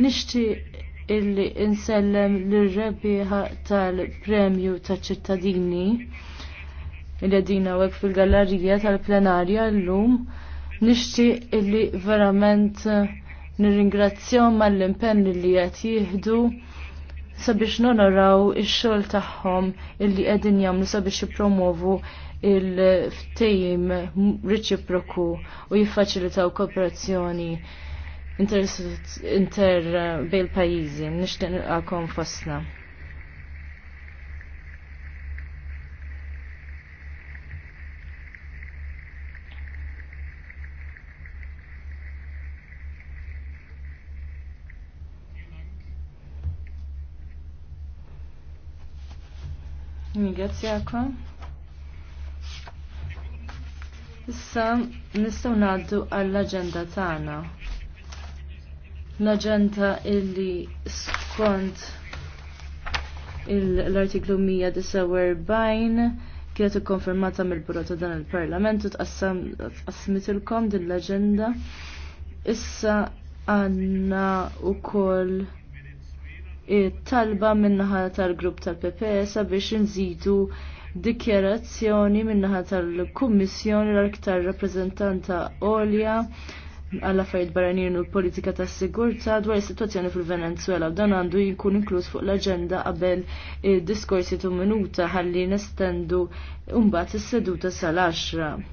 nishti illi insellem lir-rebbieħa tal-premju taċ ċittadini illi għedina għek fil-gallerija tal-plenarja l-lum. nishti illi verament nirringrazzjom mal-impenn li qed jieħdu sabiex nonoraw ix-xogħol tagħhom illi qegħdin jagħmlu sabiex jippromovu il-ftejim reċiproku u jiffaċilitaw kooperazzjoni inter, inter bejn pajjiżi, nixtieq fosna. fostna. Ringrazzjakom. Issa nistgħu ngħaddu għall-aġenda tagħna l aġenda illi skont l-artiklu 149 kienet ikkonfermata mill-buro dan il-Parlament u tqassmitilkom din l-aġenda. Issa għandna wkoll talba minnaħa tal-grupp tal-PPS e biex nżidu dikjerazzjoni minnaħa tal-Kummissjoni l-aktar rappreżentanta Olja għall affarijiet barranin u l-politika tas sigurtà dwar is-sitwazzjoni fil-Venezuela u dan għandu jkun inkluż fuq l-aġenda qabel id diskorsi tu minuta ħalli nestendu mbagħad is-seduta sal-10.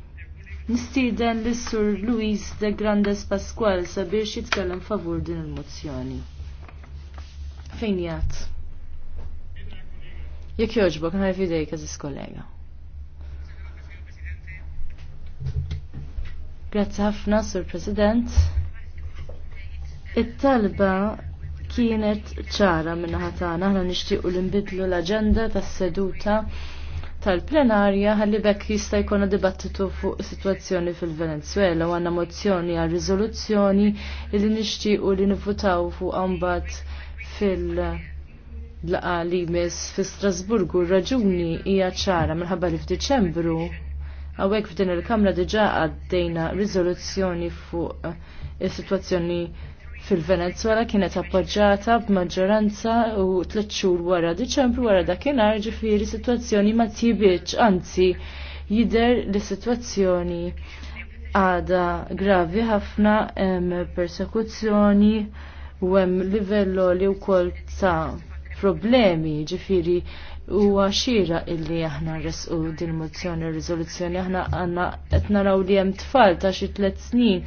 Nistieden lis-Sur Luis de Grandes Pasqual sabiex jitkellem favur din il-mozzjoni. Fejn jgħat? Jekk jogħġbok, ħaj fidejk għaziz kollega. Grazzi ħafna, Sur President. It-talba kienet ċara minna ħatana, ħna nixtiequ l-imbidlu l-agenda tas-seduta tal-plenarja ħalli bekk jista' jkollna dibattitu fuq is-sitwazzjoni fil-Venezuela u għandna mozzjoni għal riżoluzzjoni li nixtiequ li nifutaw fuq għambat fil- laqa li mis fi Strasburgu raġuni hija ċara minħabba li f'Diċembru Għawek f'din il-Kamra diġa għaddejna rizoluzzjoni fuq eh, il-situazzjoni fil-Venezuela kienet appoġġata b'maġġoranza u tliet xhur wara Diċembru wara dakinhar ġifieri sitwazzjoni ma tjibitx, anzi jidher li sitwazzjoni għada gravi ħafna hemm persekuzzjoni u hemm livello li wkoll ta' problemi ġifiri huwa xira illi aħna resqu din mozzjoni riżoluzzjoni aħna għandna qed naraw li hemm tfal ta' xi tliet snin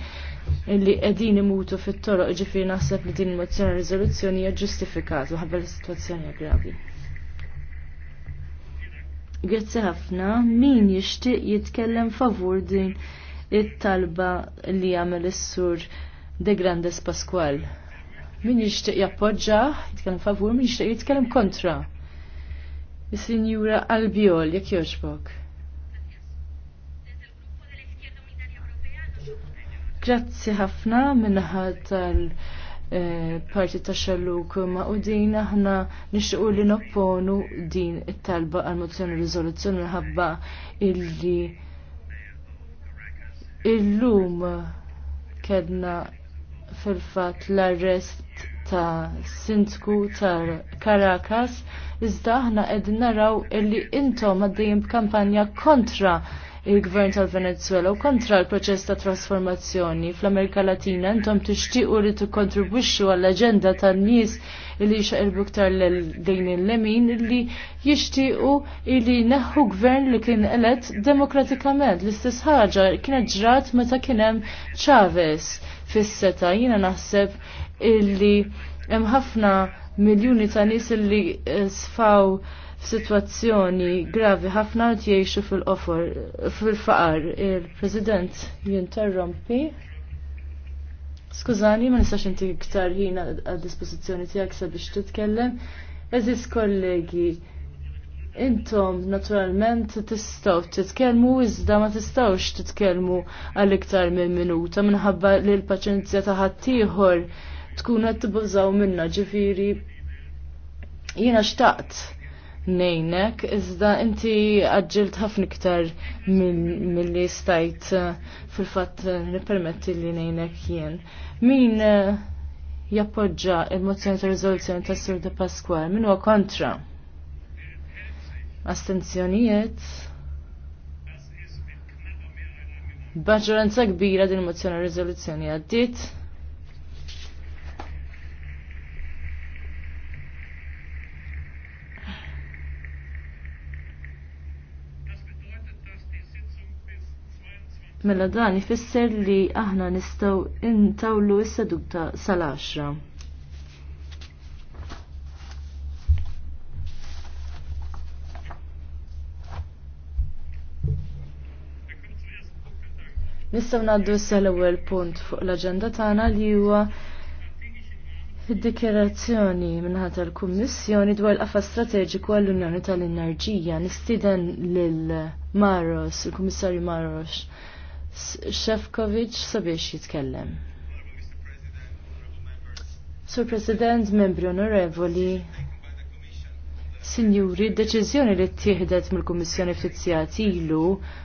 illi qegħdin imutu fit-toroq ġifiri naħseb li din mozzjoni riżoluzzjoni hija ġustifikat ħabba l-sitwazzjoni gravi. Grazzi ħafna, min jixtieq jitkellem favur din it-talba li jagħmel is-sur De Grandes Pasqual. Min jixtieq jappoġġa, jitkellem favur, min jixtieq jitkellem kontra. Is-Sinjura Albiol, jekk jogħġbok. Grazzi ħafna minnaħa tal- eh, parti ta' xalluk ma' u din aħna nixtiqu li nopponu din it-talba għal-mozzjoni rizoluzzjoni minħabba illi illum kedna fil-fat l-arrest ta' Sindku ta' Caracas, iżda aħna qegħdin naraw illi intom għaddejjem b'kampanja kontra il-gvern tal-Venezuela u kontra l-proċess ta' trasformazzjoni fl-Amerika Latina intom tixtiequ li tikkontribwixxu għall-aġenda tan-nies illi jxaqilbu ktar l-dejn l-lemin illi jishtiqu illi neħu gvern li kien elet demokratikament. L-istess ħaġa kienet ġrat meta kienem Chavez fis-seta jina naħseb illi hemm ħafna miljuni ta' nies illi sfaw f'sitwazzjoni gravi ħafna jgħixu fil qofor fil-faqar. Il-President jinterrompi. Skużani, ma nistax inti iktar ħin għad-dispożizzjoni tiegħek sabiex titkellem. Eżis kollegi, intom naturalment tistgħu titkellmu iżda ma tistgħux titkellmu għal iktar minn minuta minħabba li l-paċenzja ta' ħaddieħor tkun qed tibbużaw minnha ġifieri jiena xtaqt nejnek, iżda inti għadġilt ħafna iktar mill-li stajt eh, fil-fat eh, nipermetti li nejnek jien. Min eh, jappoġġa il-mozzjoni ta' rizoluzzjoni ta' Sur de Pasqual, min huwa kontra? Astenzjonijiet? Baġġoranza kbira din mozzjoni rizoluzzjoni għaddit? Mela dan ifisser li aħna nistgħu intawlu s-seduta sal-10. Nistgħu ngħaddu s l-ewwel punt fuq l-aġenda tagħna li huwa Id-dikjerazzjoni minnħat tal-Kummissjoni dwar l-qafa strateġiku għall-Unjoni tal-Enerġija nistiden lil Maros, il-Kummissarju Maros, Shefkovic sabiex jitkellem. Sur President, membri onorevoli, Signuri, d-deċiżjoni li t-tieħdet mill-Kummissjoni Fizzjat ilu